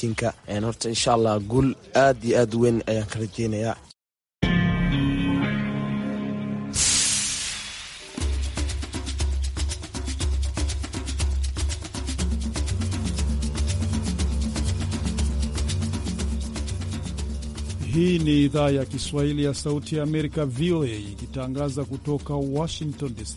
tinka horta insha allah guul aad iyo aad weyn ayaan ka rajeynayaa Hii ni idhaa ya Kiswahili ya Sauti ya Amerika, VOA, ikitangaza kutoka Washington DC.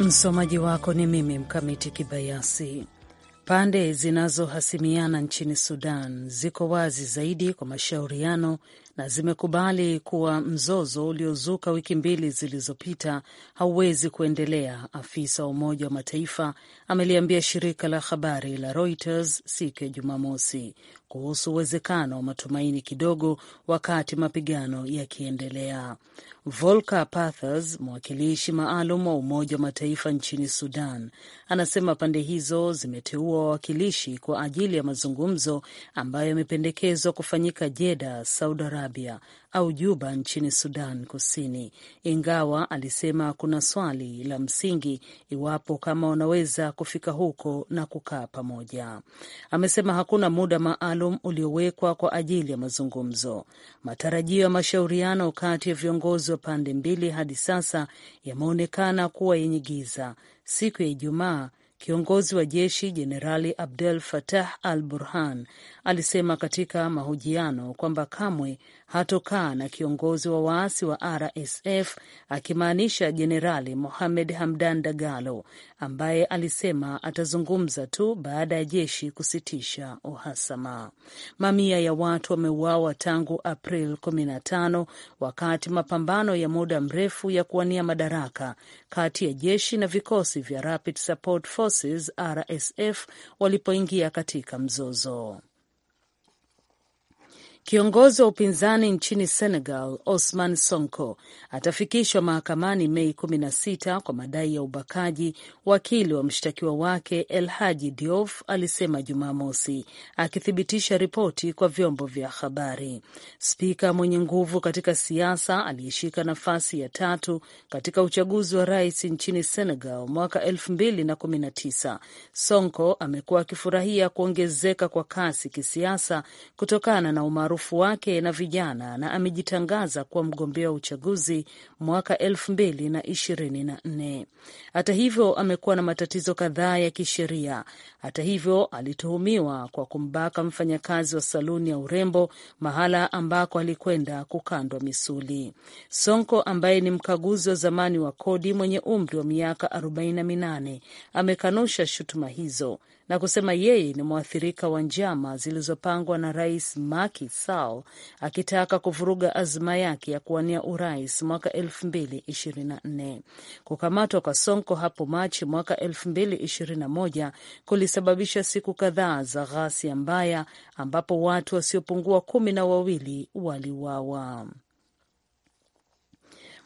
Msomaji wako ni mimi Mkamiti Kibayasi. Pande zinazohasimiana nchini Sudan ziko wazi zaidi kwa mashauriano na zimekubali kuwa mzozo uliozuka wiki mbili zilizopita hauwezi kuendelea, afisa wa Umoja wa Mataifa ameliambia shirika la habari la Reuters siku ya Jumamosi kuhusu uwezekano wa matumaini kidogo wakati mapigano yakiendelea. Volker Perthes, mwakilishi maalum wa Umoja wa Mataifa nchini Sudan, anasema pande hizo zimeteua wawakilishi kwa ajili ya mazungumzo ambayo yamependekezwa kufanyika Jeda, Saudi Arabia Arabia au Juba nchini Sudan Kusini, ingawa alisema kuna swali la msingi iwapo kama wanaweza kufika huko na kukaa pamoja. Amesema hakuna muda maalum uliowekwa kwa ajili ya mazungumzo. Matarajio ya mashauriano kati ya viongozi wa pande mbili hadi sasa yameonekana kuwa yenye giza. Siku ya Ijumaa Kiongozi wa jeshi Jenerali Abdel Fattah al-Burhan alisema katika mahojiano kwamba kamwe hatokaa na kiongozi wa waasi wa RSF akimaanisha Jenerali Mohamed Hamdan Dagalo ambaye alisema atazungumza tu baada ya jeshi kusitisha uhasama. Mamia ya watu wameuawa tangu April 15 wakati mapambano ya muda mrefu ya kuwania madaraka kati ya jeshi na vikosi vya Rapid Support Forces RSF walipoingia katika mzozo. Kiongozi wa upinzani nchini Senegal, Osman Sonko, atafikishwa mahakamani Mei 16 kwa madai ya ubakaji, wakili wa mshtakiwa wake El Haji Diof alisema Jumamosi, akithibitisha ripoti kwa vyombo vya habari. Spika mwenye nguvu katika siasa aliyeshika nafasi ya tatu katika uchaguzi wa rais nchini Senegal mwaka 2019, Sonko amekuwa akifurahia kuongezeka kwa kasi kisiasa kutokana na umaarufu umaarufu wake na vijana na amejitangaza kuwa mgombea wa uchaguzi mwaka elfu mbili na ishirini na nne. Hata hivyo amekuwa na matatizo kadhaa ya kisheria. Hata hivyo alituhumiwa kwa kumbaka mfanyakazi wa saluni ya urembo mahala ambako alikwenda kukandwa misuli. Sonko ambaye ni mkaguzi wa zamani wa kodi mwenye umri wa miaka arobaini na minane amekanusha shutuma hizo na kusema yeye ni mwathirika wa njama zilizopangwa na Rais Macky Sall akitaka kuvuruga azma yake ya kuwania urais mwaka 2024. Kukamatwa kwa Sonko hapo Machi mwaka 2021 kulisababisha siku kadhaa za ghasia mbaya ambapo watu wasiopungua kumi na wawili waliuawa.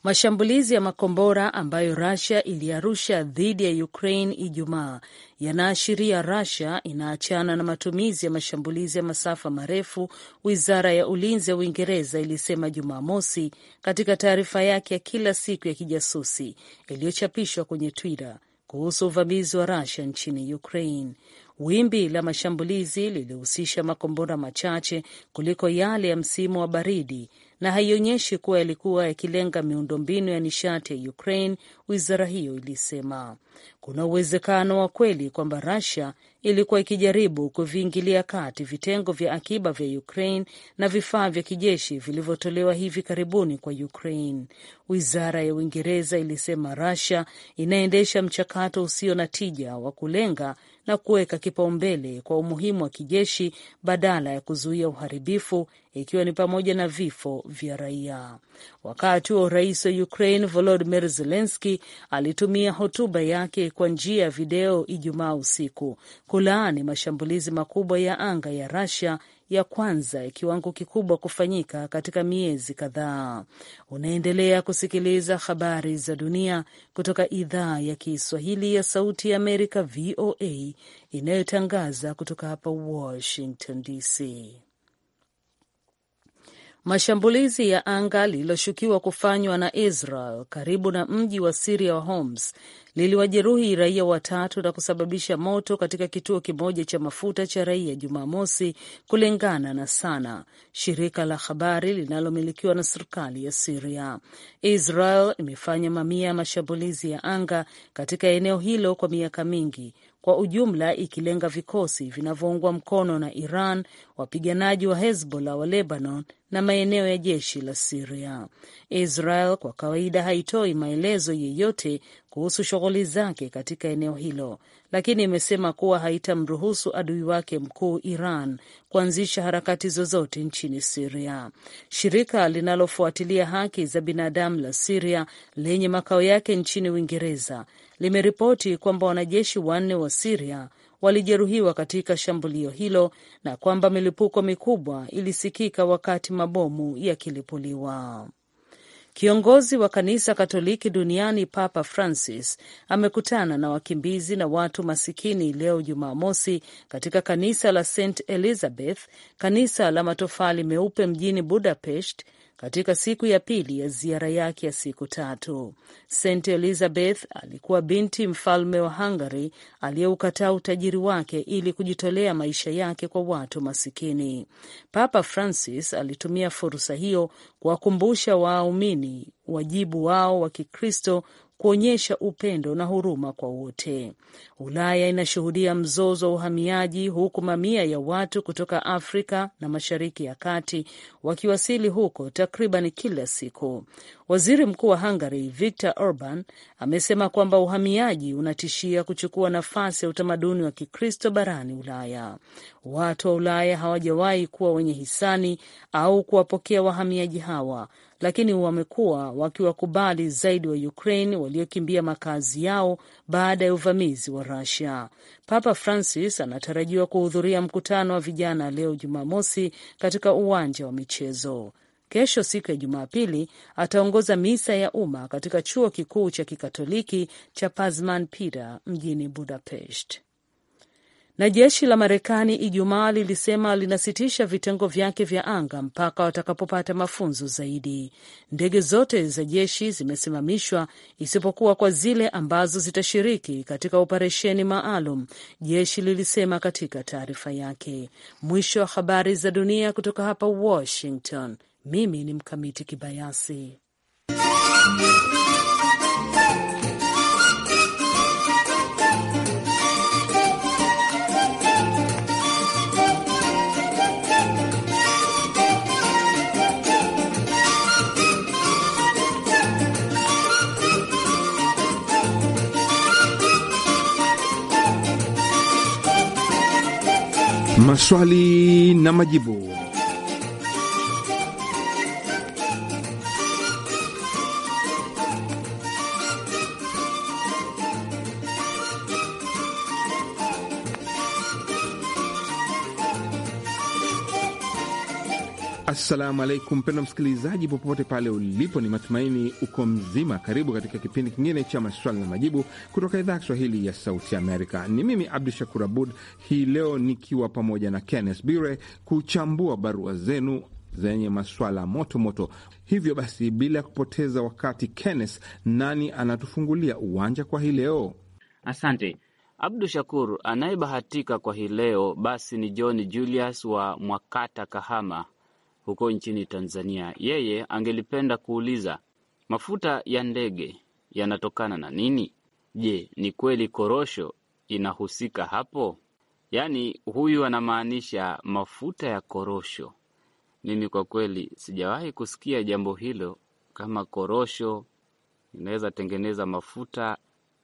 Mashambulizi ya makombora ambayo Russia iliarusha dhidi ya Ukraine Ijumaa yanaashiria Russia inaachana na matumizi ya mashambulizi ya masafa marefu, wizara ya ulinzi ya Uingereza ilisema Jumamosi katika taarifa yake ya kila siku ya kijasusi iliyochapishwa kwenye Twitter kuhusu uvamizi wa Russia nchini Ukraine. Wimbi la mashambulizi lilihusisha makombora machache kuliko yale ya msimu wa baridi na haionyeshi kuwa yalikuwa yakilenga miundombinu ya nishati ya Ukraine, wizara hiyo ilisema. Kuna uwezekano wa kweli kwamba Russia ilikuwa ikijaribu kuviingilia kati vitengo vya akiba vya Ukraine na vifaa vya kijeshi vilivyotolewa hivi karibuni kwa Ukraine, wizara ya Uingereza ilisema. Russia inaendesha mchakato usio na tija wa kulenga na kuweka kipaumbele kwa umuhimu wa kijeshi badala ya kuzuia uharibifu, ikiwa ni pamoja na vifo vya raia. Wakati huo rais wa Ukraine volodimir zelenski alitumia hotuba yake kwa njia ya video Ijumaa usiku kulaani mashambulizi makubwa ya anga ya rasia ya kwanza ya kiwango kikubwa kufanyika katika miezi kadhaa. Unaendelea kusikiliza habari za dunia kutoka idhaa ya Kiswahili ya Sauti ya Amerika, VOA, inayotangaza kutoka hapa Washington DC. Mashambulizi ya anga lililoshukiwa kufanywa na Israel karibu na mji wa Siria wa Homs liliwajeruhi raia watatu na kusababisha moto katika kituo kimoja cha mafuta cha raia Jumamosi, kulingana na Sana, shirika la habari linalomilikiwa na serikali ya Siria. Israel imefanya mamia ya mashambulizi ya anga katika eneo hilo kwa miaka mingi, kwa ujumla ikilenga vikosi vinavyoungwa mkono na Iran, wapiganaji wa Hezbollah wa Lebanon na maeneo ya jeshi la Siria. Israel kwa kawaida haitoi maelezo yeyote kuhusu shughuli zake katika eneo hilo, lakini imesema kuwa haitamruhusu adui wake mkuu Iran kuanzisha harakati zozote nchini Siria. Shirika linalofuatilia haki za binadamu la Siria lenye makao yake nchini Uingereza limeripoti kwamba wanajeshi wanne wa Siria walijeruhiwa katika shambulio hilo na kwamba milipuko mikubwa ilisikika wakati mabomu yakilipuliwa. Kiongozi wa kanisa Katoliki duniani Papa Francis amekutana na wakimbizi na watu masikini leo Jumamosi katika kanisa la St Elizabeth, kanisa la matofali meupe mjini Budapest katika siku ya pili ya ziara yake ya siku tatu. St Elizabeth alikuwa binti mfalme wa Hungary aliyeukataa utajiri wake ili kujitolea maisha yake kwa watu masikini. Papa Francis alitumia fursa hiyo kuwakumbusha waumini wajibu wao wa Kikristo kuonyesha upendo na huruma kwa wote. Ulaya inashuhudia mzozo wa uhamiaji, huku mamia ya watu kutoka Afrika na Mashariki ya Kati wakiwasili huko takriban kila siku. Waziri Mkuu wa Hungary Viktor Orban amesema kwamba uhamiaji unatishia kuchukua nafasi ya utamaduni wa Kikristo barani Ulaya. Watu wa Ulaya hawajawahi kuwa wenye hisani au kuwapokea wahamiaji hawa lakini wamekuwa wakiwakubali zaidi wa Ukraine waliokimbia makazi yao baada ya uvamizi wa Rusia. Papa Francis anatarajiwa kuhudhuria mkutano wa vijana leo Jumamosi katika uwanja wa michezo. Kesho siku ya Jumapili ataongoza misa ya umma katika chuo kikuu cha kikatoliki cha Pasman Piter mjini Budapest. Na jeshi la Marekani Ijumaa lilisema linasitisha vitengo vyake vya anga mpaka watakapopata mafunzo zaidi. Ndege zote za jeshi zimesimamishwa isipokuwa kwa zile ambazo zitashiriki katika operesheni maalum, jeshi lilisema katika taarifa yake. Mwisho wa habari za dunia kutoka hapa Washington. Mimi ni Mkamiti Kibayasi. maswali na majibu. Assalamu alaikum, mpendo msikilizaji, popote pale ulipo, ni matumaini uko mzima. Karibu katika kipindi kingine cha maswali na majibu kutoka idhaa ya Kiswahili ya Sauti Amerika. Ni mimi Abdu Shakur Abud, hii leo nikiwa pamoja na Kenneth Bire kuchambua barua zenu zenye maswala moto moto. Hivyo basi, bila ya kupoteza wakati, Kenneth, nani anatufungulia uwanja kwa hii leo? Asante Abdu Shakur. Anayebahatika kwa hii leo basi ni John Julius wa Mwakata, Kahama huko nchini Tanzania. Yeye angelipenda kuuliza mafuta ya ndege yanatokana na nini? Je, ni kweli korosho inahusika hapo? Yaani huyu anamaanisha mafuta ya korosho. Mimi kwa kweli sijawahi kusikia jambo hilo, kama korosho inaweza tengeneza mafuta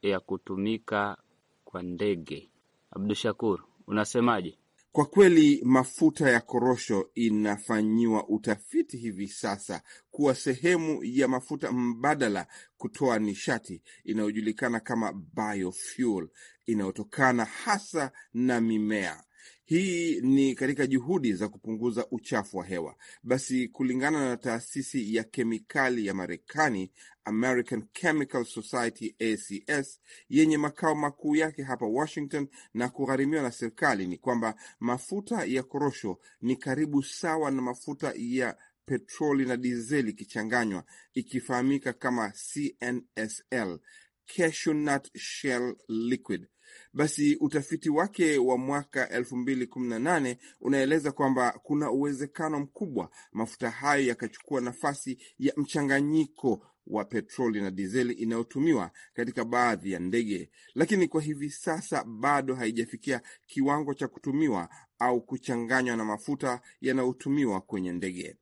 ya kutumika kwa ndege. Abdushakur, unasemaje? Kwa kweli mafuta ya korosho inafanyiwa utafiti hivi sasa kuwa sehemu ya mafuta mbadala kutoa nishati inayojulikana kama biofuel inayotokana hasa na mimea. Hii ni katika juhudi za kupunguza uchafu wa hewa. Basi kulingana na taasisi ya kemikali ya Marekani, American Chemical Society ACS, yenye makao makuu yake hapa Washington na kugharimiwa na serikali, ni kwamba mafuta ya korosho ni karibu sawa na mafuta ya petroli na dizeli ikichanganywa, ikifahamika kama CNSL, cashew nut shell liquid basi utafiti wake wa mwaka 2018 unaeleza kwamba kuna uwezekano mkubwa mafuta hayo yakachukua nafasi ya mchanganyiko wa petroli na dizeli inayotumiwa katika baadhi ya ndege, lakini kwa hivi sasa bado haijafikia kiwango cha kutumiwa au kuchanganywa na mafuta yanayotumiwa kwenye ndege.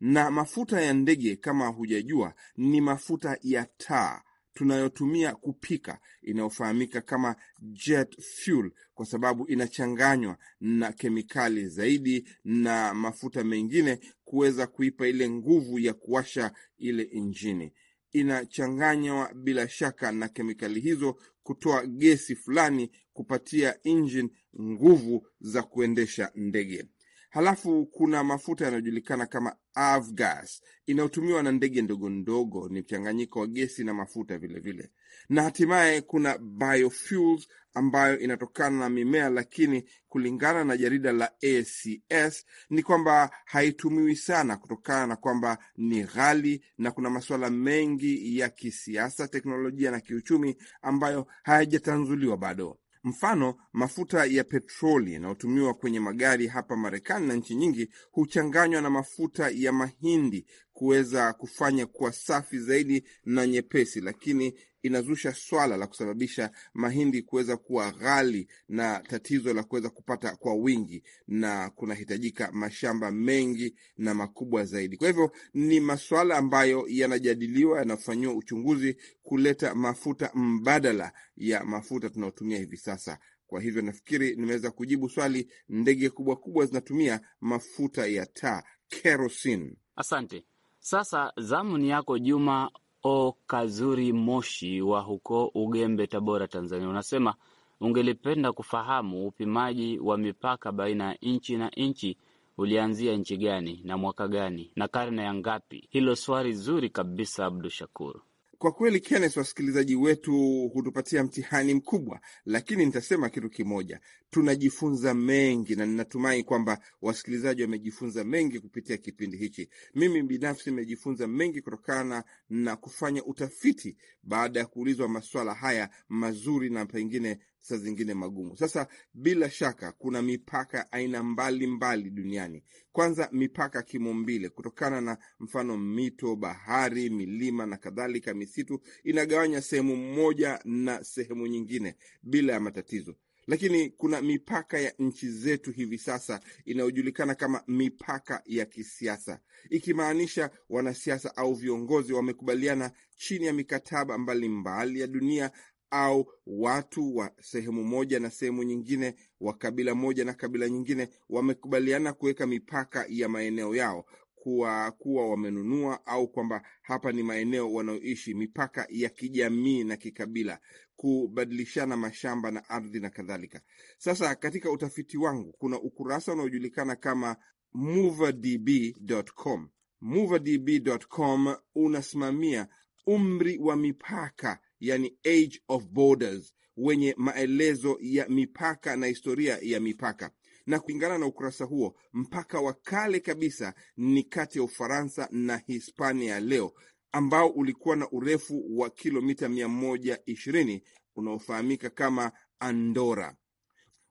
Na mafuta ya ndege, kama hujajua, ni mafuta ya taa tunayotumia kupika inayofahamika kama jet fuel, kwa sababu inachanganywa na kemikali zaidi na mafuta mengine kuweza kuipa ile nguvu ya kuwasha ile injini. Inachanganywa bila shaka na kemikali hizo kutoa gesi fulani kupatia injini nguvu za kuendesha ndege. Halafu kuna mafuta yanayojulikana kama avgas inayotumiwa na ndege ndogo ndogo, ni mchanganyiko wa gesi na mafuta vilevile vile. Na hatimaye kuna biofuels ambayo inatokana na mimea, lakini kulingana na jarida la ACS ni kwamba haitumiwi sana kutokana na kwamba ni ghali, na kuna masuala mengi ya kisiasa, teknolojia na kiuchumi ambayo hayajatanzuliwa bado. Mfano, mafuta ya petroli yanayotumiwa kwenye magari hapa Marekani na nchi nyingi huchanganywa na mafuta ya mahindi kuweza kufanya kuwa safi zaidi na nyepesi, lakini inazusha swala la kusababisha mahindi kuweza kuwa ghali na tatizo la kuweza kupata kwa wingi, na kunahitajika mashamba mengi na makubwa zaidi. Kwa hivyo ni masuala ambayo yanajadiliwa, yanafanyiwa uchunguzi kuleta mafuta mbadala ya mafuta tunayotumia hivi sasa. Kwa hivyo nafikiri nimeweza kujibu swali. Ndege kubwa kubwa zinatumia mafuta ya taa kerosene. Asante. Sasa zamu ni yako Juma O Kazuri Moshi wa huko Ugembe, Tabora, Tanzania, unasema ungelipenda kufahamu upimaji wa mipaka baina ya nchi na nchi ulianzia nchi gani na mwaka gani na karne ya ngapi? Hilo swali zuri kabisa, Abdu Shakuru. Kwa kweli Kenneth, wasikilizaji wetu hutupatia mtihani mkubwa, lakini nitasema kitu kimoja, tunajifunza mengi, na ninatumai kwamba wasikilizaji wamejifunza mengi kupitia kipindi hichi. Mimi binafsi nimejifunza mengi kutokana na kufanya utafiti baada ya kuulizwa maswala haya mazuri na pengine saa zingine magumu. Sasa bila shaka kuna mipaka ya aina mbalimbali duniani. Kwanza mipaka kimumbile, kutokana na mfano mito, bahari, milima na kadhalika. Misitu inagawanya sehemu moja na sehemu nyingine bila ya matatizo lakini kuna mipaka ya nchi zetu hivi sasa inayojulikana kama mipaka ya kisiasa, ikimaanisha wanasiasa au viongozi wamekubaliana chini ya mikataba mbalimbali mbali ya dunia au watu wa sehemu moja na sehemu nyingine wa kabila moja na kabila nyingine wamekubaliana kuweka mipaka ya maeneo yao kuwa, kuwa wamenunua au kwamba hapa ni maeneo wanaoishi mipaka ya kijamii na kikabila, kubadilishana mashamba na ardhi na kadhalika. Sasa katika utafiti wangu kuna ukurasa unaojulikana kama moverdb.com. Moverdb.com unasimamia umri wa mipaka yani Age of Borders, wenye maelezo ya mipaka na historia ya mipaka. Na kulingana na ukurasa huo, mpaka wa kale kabisa ni kati ya Ufaransa na Hispania leo, ambao ulikuwa na urefu wa kilomita 120 unaofahamika kama Andora,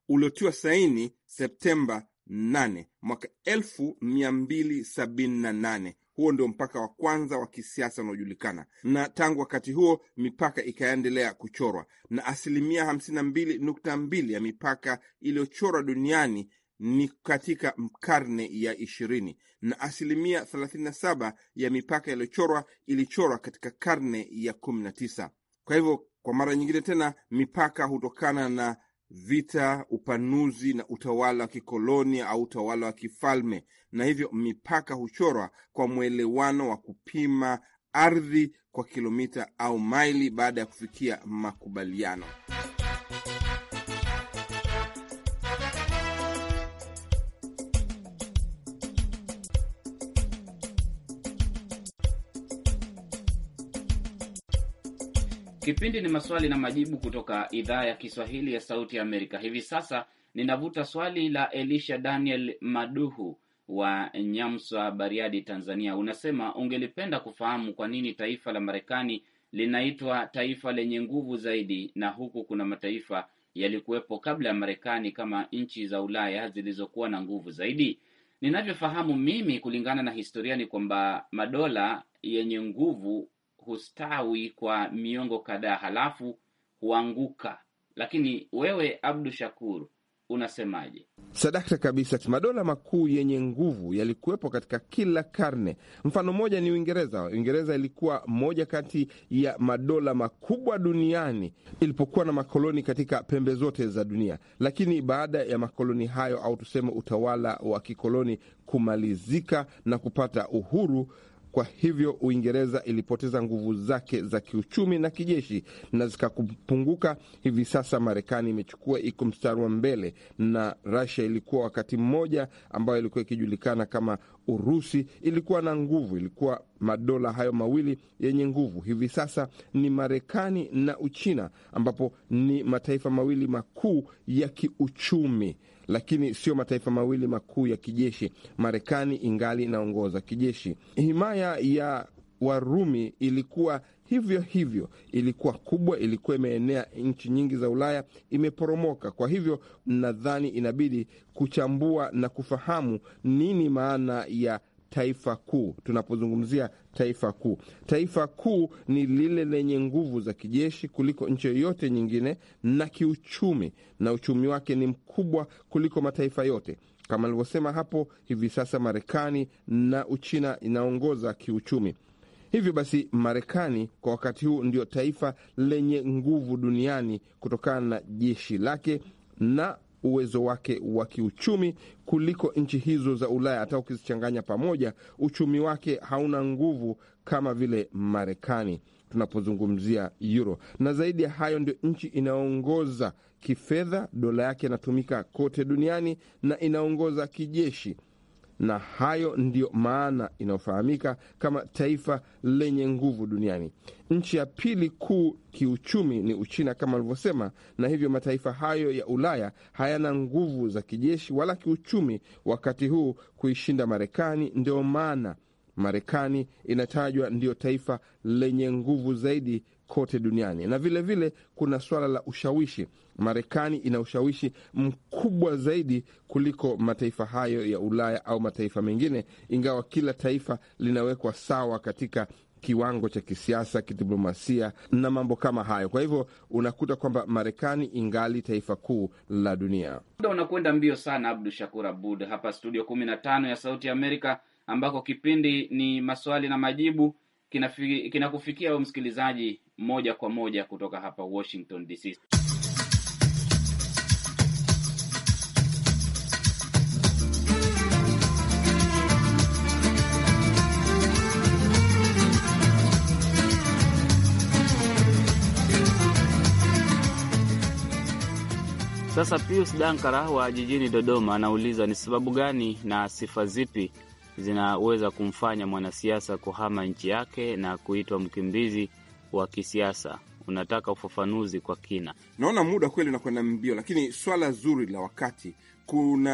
uliotiwa saini Septemba 8 mwaka 1278 huo ndio mpaka wa kwanza wa kisiasa unaojulikana, na tangu wakati huo mipaka ikaendelea kuchorwa, na asilimia 52.2 mbili nukta mbili ya mipaka iliyochorwa duniani ni katika karne ya ishirini na asilimia thelathini na saba ya mipaka iliyochorwa ilichorwa katika karne ya kumi na tisa. Kwa hivyo kwa mara nyingine tena mipaka hutokana na vita, upanuzi na utawala wa kikoloni au utawala wa kifalme, na hivyo mipaka huchorwa kwa mwelewano wa kupima ardhi kwa kilomita au maili baada ya kufikia makubaliano. Kipindi ni maswali na majibu kutoka idhaa ya Kiswahili ya Sauti ya Amerika. Hivi sasa ninavuta swali la Elisha Daniel Maduhu wa Nyamswa, Bariadi, Tanzania. Unasema ungelipenda kufahamu kwa nini taifa la Marekani linaitwa taifa lenye nguvu zaidi, na huku kuna mataifa yalikuwepo kabla ya Marekani kama nchi za Ulaya zilizokuwa na nguvu zaidi. Ninavyofahamu mimi, kulingana na historia, ni kwamba madola yenye nguvu hustawi kwa miongo kadhaa halafu huanguka. Lakini wewe Abdu Shakur unasemaje? Sadakta kabisa. Madola makuu yenye nguvu yalikuwepo katika kila karne. Mfano mmoja ni Uingereza. Uingereza ilikuwa moja kati ya madola makubwa duniani ilipokuwa na makoloni katika pembe zote za dunia, lakini baada ya makoloni hayo au tuseme utawala wa kikoloni kumalizika na kupata uhuru, kwa hivyo Uingereza ilipoteza nguvu zake za kiuchumi na kijeshi na zikapunguka. Hivi sasa Marekani imechukua iko mstari wa mbele, na rasia ilikuwa wakati mmoja ambayo ilikuwa ikijulikana kama Urusi ilikuwa na nguvu, ilikuwa madola hayo mawili yenye nguvu. Hivi sasa ni Marekani na Uchina, ambapo ni mataifa mawili makuu ya kiuchumi, lakini sio mataifa mawili makuu ya kijeshi. Marekani ingali inaongoza kijeshi. Himaya ya Warumi ilikuwa hivyo hivyo, ilikuwa kubwa, ilikuwa imeenea nchi nyingi za Ulaya, imeporomoka. Kwa hivyo nadhani inabidi kuchambua na kufahamu nini maana ya taifa kuu. Tunapozungumzia taifa kuu, taifa kuu ni lile lenye nguvu za kijeshi kuliko nchi yoyote nyingine na kiuchumi, na uchumi wake ni mkubwa kuliko mataifa yote. Kama alivyosema hapo, hivi sasa Marekani na Uchina inaongoza kiuchumi. Hivyo basi, Marekani kwa wakati huu ndio taifa lenye nguvu duniani kutokana na jeshi lake na uwezo wake wa kiuchumi kuliko nchi hizo za Ulaya. Hata ukizichanganya pamoja, uchumi wake hauna nguvu kama vile Marekani tunapozungumzia euro. Na zaidi ya hayo, ndio nchi inayoongoza kifedha, dola yake inatumika kote duniani na inaongoza kijeshi na hayo ndiyo maana inayofahamika kama taifa lenye nguvu duniani. Nchi ya pili kuu kiuchumi ni Uchina kama alivyosema, na hivyo mataifa hayo ya Ulaya hayana nguvu za kijeshi wala kiuchumi wakati huu kuishinda Marekani. Ndio maana Marekani inatajwa ndiyo taifa lenye nguvu zaidi kote duniani. Na vilevile vile, kuna swala la ushawishi. Marekani ina ushawishi mkubwa zaidi kuliko mataifa hayo ya Ulaya au mataifa mengine, ingawa kila taifa linawekwa sawa katika kiwango cha kisiasa, kidiplomasia na mambo kama hayo. Kwa hivyo unakuta kwamba Marekani ingali taifa kuu la dunia. Muda unakwenda mbio sana, Abdu Shakur Abud hapa studio kumi na tano ya Sauti ya Amerika, ambako kipindi ni maswali na majibu kinakufikia kina msikilizaji moja kwa moja kutoka hapa Washington DC. Sasa Pius Dankara wa jijini Dodoma anauliza ni sababu gani na sifa zipi zinaweza kumfanya mwanasiasa kuhama nchi yake na kuitwa mkimbizi wa kisiasa. Unataka ufafanuzi kwa kina? Naona muda kweli unakwenda mbio, lakini swala zuri la wakati. Kuna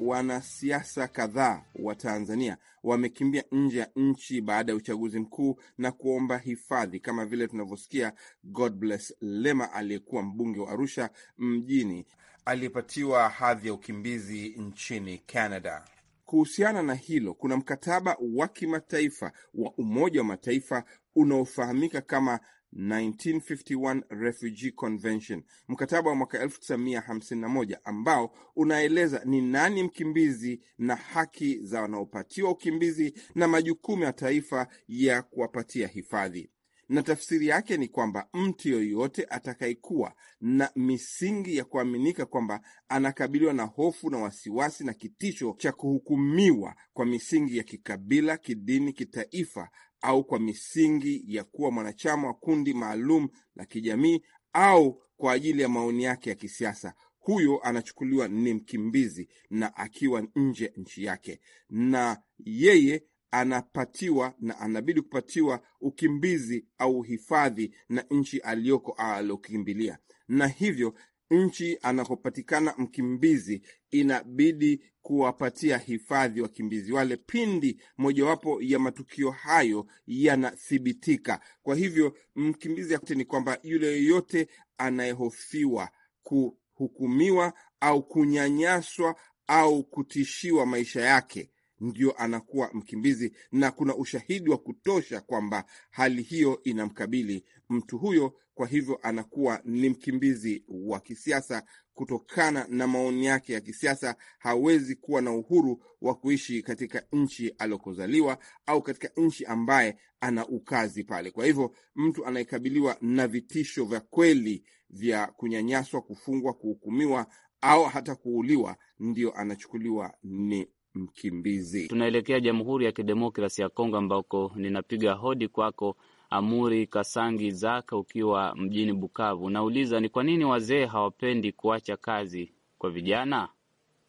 wanasiasa kadhaa wa Tanzania wamekimbia nje ya nchi baada ya uchaguzi mkuu na kuomba hifadhi, kama vile tunavyosikia Godbless Lema aliyekuwa mbunge wa Arusha mjini aliyepatiwa hadhi ya ukimbizi nchini Canada. Kuhusiana na hilo, kuna mkataba wa kimataifa wa Umoja wa Mataifa unaofahamika kama 1951 Refugee Convention, mkataba wa mwaka 1951 ambao unaeleza ni nani mkimbizi na haki za wanaopatiwa ukimbizi na majukumu ya taifa ya kuwapatia hifadhi na tafsiri yake ni kwamba mtu yoyote atakayekuwa na misingi ya kuaminika kwamba anakabiliwa na hofu na wasiwasi na kitisho cha kuhukumiwa kwa misingi ya kikabila, kidini, kitaifa au kwa misingi ya kuwa mwanachama wa kundi maalum la kijamii au kwa ajili ya maoni yake ya kisiasa, huyo anachukuliwa ni mkimbizi na akiwa nje nchi yake, na yeye anapatiwa na anabidi kupatiwa ukimbizi au hifadhi na nchi aliyoko alokimbilia, na hivyo nchi anakopatikana mkimbizi inabidi kuwapatia hifadhi wakimbizi wale pindi mojawapo ya matukio hayo yanathibitika. Kwa hivyo mkimbizi yote ni kwamba yule yoyote anayehofiwa kuhukumiwa au kunyanyaswa au kutishiwa maisha yake ndio anakuwa mkimbizi, na kuna ushahidi wa kutosha kwamba hali hiyo inamkabili mtu huyo. Kwa hivyo anakuwa ni mkimbizi wa kisiasa kutokana na maoni yake ya kisiasa. Hawezi kuwa na uhuru wa kuishi katika nchi aliokozaliwa au katika nchi ambaye ana ukazi pale. Kwa hivyo mtu anayekabiliwa na vitisho vya kweli vya kunyanyaswa, kufungwa, kuhukumiwa au hata kuuliwa, ndio anachukuliwa ni mkimbizi. Tunaelekea Jamhuri ya Kidemokrasi ya Kongo ambako ninapiga hodi kwako Amuri Kasangi Zaka, ukiwa mjini Bukavu. Unauliza, ni kwa nini wazee hawapendi kuacha kazi kwa vijana?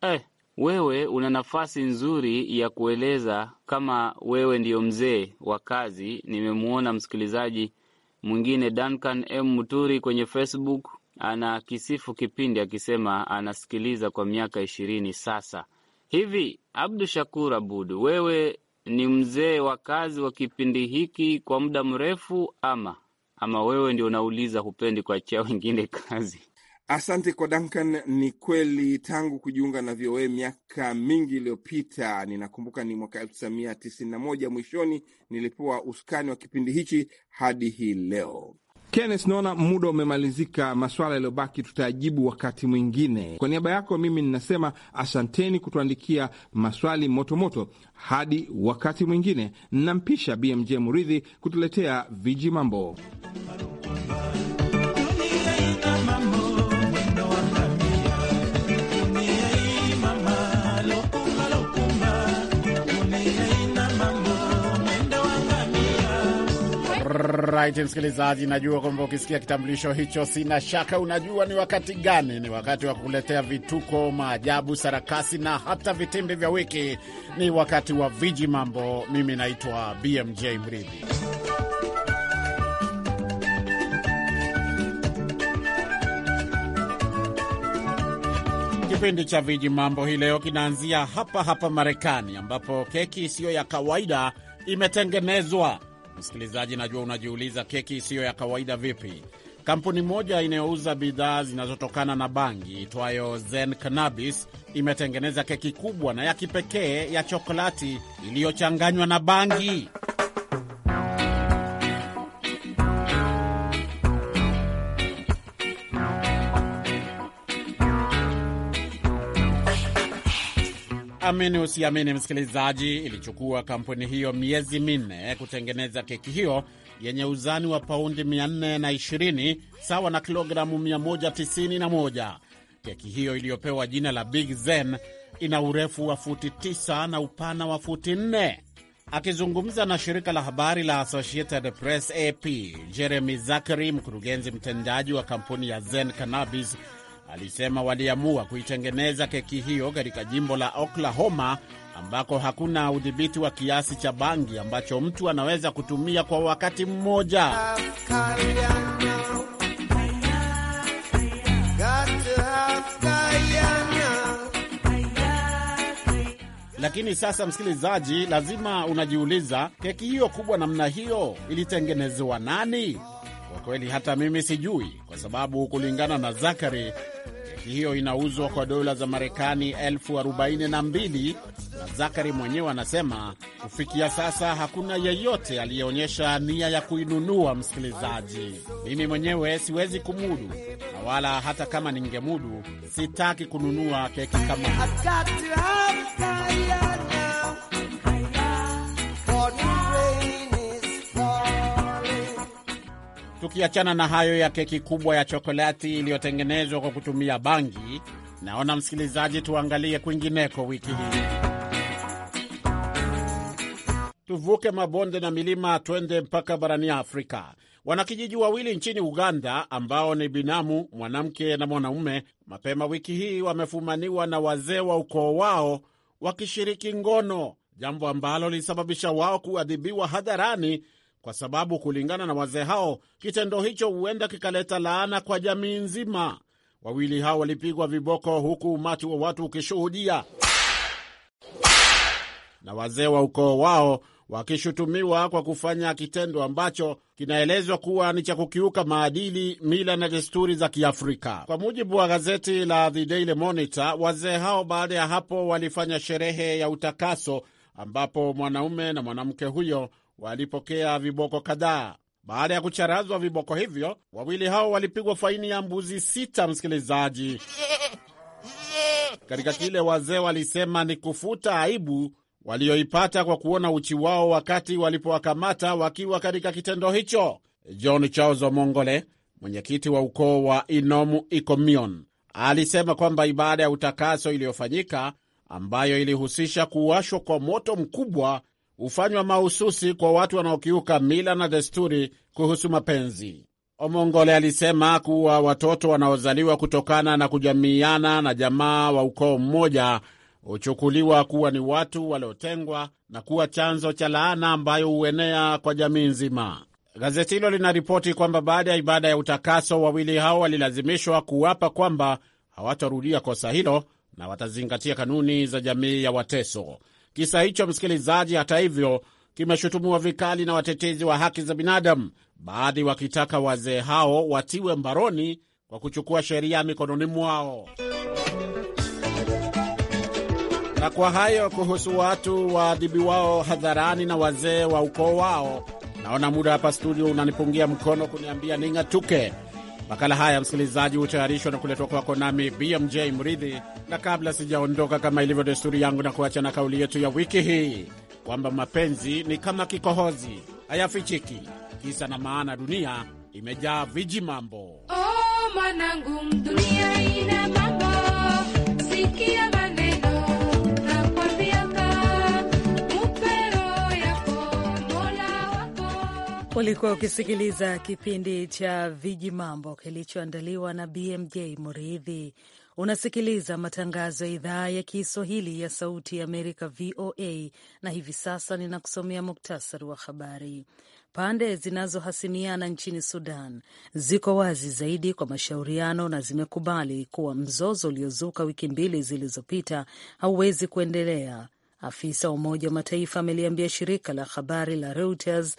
Eh, wewe una nafasi nzuri ya kueleza kama wewe ndiyo mzee wa kazi. Nimemwona msikilizaji mwingine Duncan M Muturi kwenye Facebook ana kisifu kipindi akisema anasikiliza kwa miaka ishirini sasa hivi. Abdu Shakur Abud, wewe ni mzee wa kazi wa kipindi hiki kwa muda mrefu, ama ama wewe ndio unauliza, hupendi kuachia wengine kazi? Asante kwa Duncan. Ni kweli tangu kujiunga na VOA miaka mingi iliyopita, ninakumbuka ni mwaka moja mwishoni, nilipewa usukani wa kipindi hichi hadi hii leo. Kenneth, naona muda umemalizika. Maswala yaliyobaki tutayajibu wakati mwingine. Kwa niaba yako mimi ninasema asanteni kutuandikia maswali motomoto moto. Hadi wakati mwingine, nampisha BMJ Muridhi kutuletea viji mambo. right, msikilizaji, najua kwamba ukisikia kitambulisho hicho, sina shaka unajua ni wakati gani. Ni wakati wa kukuletea vituko, maajabu, sarakasi na hata vitimbi vya wiki. Ni wakati wa viji mambo. Mimi naitwa BMJ Mridhi. Kipindi cha viji mambo hii leo kinaanzia hapa hapa Marekani, ambapo keki isiyo ya kawaida imetengenezwa Msikilizaji, najua unajiuliza keki isiyo ya kawaida vipi? Kampuni moja inayouza bidhaa zinazotokana na bangi itwayo Zen Cannabis imetengeneza keki kubwa na ya kipekee ya chokolati iliyochanganywa na bangi. Amini usiamini, msikilizaji, ilichukua kampuni hiyo miezi minne kutengeneza keki hiyo yenye uzani wa paundi 420 sawa na kilogramu 191. Keki hiyo iliyopewa jina la Big Zen ina urefu wa futi 9 na upana wa futi 4. Akizungumza na shirika la habari la Associated Press AP, Jeremy Zachary, mkurugenzi mtendaji wa kampuni ya Zen Cannabis alisema waliamua kuitengeneza keki hiyo katika jimbo la Oklahoma ambako hakuna udhibiti wa kiasi cha bangi ambacho mtu anaweza kutumia kwa wakati mmoja. Lakini sasa, msikilizaji, lazima unajiuliza, keki hiyo kubwa namna hiyo ilitengenezewa nani? Kwa kweli hata mimi sijui, kwa sababu kulingana na Zakari hiyo inauzwa kwa dola za Marekani elfu arobaini na mbili na Zakari mwenyewe anasema kufikia sasa hakuna yeyote aliyeonyesha nia ya kuinunua. Msikilizaji, mimi mwenyewe siwezi kumudu na wala hata kama ningemudu, sitaki kununua keki kama Tukiachana na hayo ya keki kubwa ya chokolati iliyotengenezwa kwa kutumia bangi, naona msikilizaji, tuangalie kwingineko wiki hii. Tuvuke mabonde na milima, twende mpaka barani Afrika. Wanakijiji wawili nchini Uganda ambao ni binamu, mwanamke na mwanaume, mapema wiki hii wamefumaniwa na wazee wa ukoo wao wakishiriki ngono, jambo ambalo lilisababisha wao kuadhibiwa hadharani kwa sababu kulingana na wazee hao kitendo hicho huenda kikaleta laana kwa jamii nzima. Wawili hao walipigwa viboko, huku umati wa watu ukishuhudia na wazee wa ukoo wao wakishutumiwa kwa kufanya kitendo ambacho kinaelezwa kuwa ni cha kukiuka maadili, mila na desturi za Kiafrika. Kwa mujibu wa gazeti la The Daily Monitor, wazee hao baada ya hapo walifanya sherehe ya utakaso ambapo mwanaume na mwanamke huyo walipokea viboko kadhaa. Baada ya kucharazwa viboko hivyo, wawili hao walipigwa faini ya mbuzi sita, msikilizaji, katika kile wazee walisema ni kufuta aibu walioipata kwa kuona uchi wao wakati walipowakamata wakiwa katika kitendo hicho. John Charles Omongole, mwenyekiti wa ukoo wa Inomu Ikomion, alisema kwamba ibada ya utakaso iliyofanyika ambayo ilihusisha kuwashwa kwa moto mkubwa hufanywa mahususi kwa watu wanaokiuka mila na desturi kuhusu mapenzi. Omongole alisema kuwa watoto wanaozaliwa kutokana na kujamiana na jamaa wa ukoo mmoja huchukuliwa kuwa ni watu waliotengwa na kuwa chanzo cha laana ambayo huenea kwa jamii nzima. Gazeti hilo linaripoti kwamba baada ya ibada ya utakaso, wawili hao walilazimishwa kuapa kwamba hawatarudia kosa hilo na watazingatia kanuni za jamii ya Wateso. Kisa hicho, msikilizaji, hata hivyo, kimeshutumiwa vikali na watetezi wa haki za binadamu, baadhi wakitaka wazee hao watiwe mbaroni kwa kuchukua sheria mikononi mwao. Na kwa hayo kuhusu watu waadhibi wao hadharani na wazee wa ukoo wao, naona muda hapa studio unanipungia mkono kuniambia ning'atuke. Makala haya msikilizaji, hutayarishwa na kuletwa kwako nami BMJ Mridhi, na kabla sijaondoka, kama ilivyo desturi yangu, na kuacha na kauli yetu ya wiki hii kwamba mapenzi ni kama kikohozi, hayafichiki. Kisa na maana, dunia imejaa viji mambo. Oh, Ulikuwa ukisikiliza kipindi cha Viji Mambo kilichoandaliwa na BMJ Muridhi. Unasikiliza matangazo ya idhaa ya Kiswahili ya Sauti ya Amerika, VOA, na hivi sasa ninakusomea muktasari wa habari. Pande zinazohasimiana nchini Sudan ziko wazi zaidi kwa mashauriano na zimekubali kuwa mzozo uliozuka wiki mbili zilizopita hauwezi kuendelea. Afisa wa Umoja wa Mataifa ameliambia shirika la habari la Reuters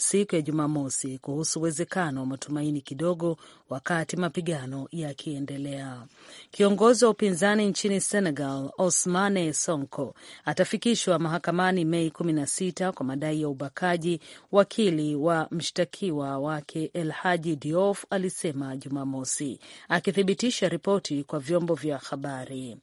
siku ya Jumamosi kuhusu uwezekano wa matumaini kidogo wakati mapigano yakiendelea. Kiongozi wa upinzani nchini Senegal, Ousmane Sonko, atafikishwa mahakamani Mei 16 kwa madai ya ubakaji, wakili wa mshtakiwa wake Elhaji diof alisema Jumamosi, akithibitisha ripoti kwa vyombo vya habari.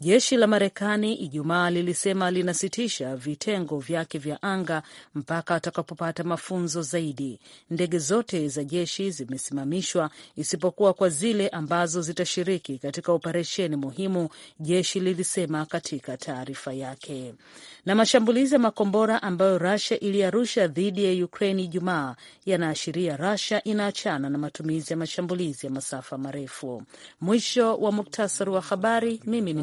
Jeshi la Marekani Ijumaa lilisema linasitisha vitengo vyake vya anga mpaka atakapopata mafunzo zaidi. Ndege zote za jeshi zimesimamishwa isipokuwa kwa zile ambazo zitashiriki katika operesheni muhimu, jeshi lilisema katika taarifa yake. Na mashambulizi ya makombora ambayo Russia iliarusha dhidi ya Ukraine Ijumaa yanaashiria Russia inaachana na matumizi ya mashambulizi ya masafa marefu. Mwisho wa muktasari wa habari. Mimi ni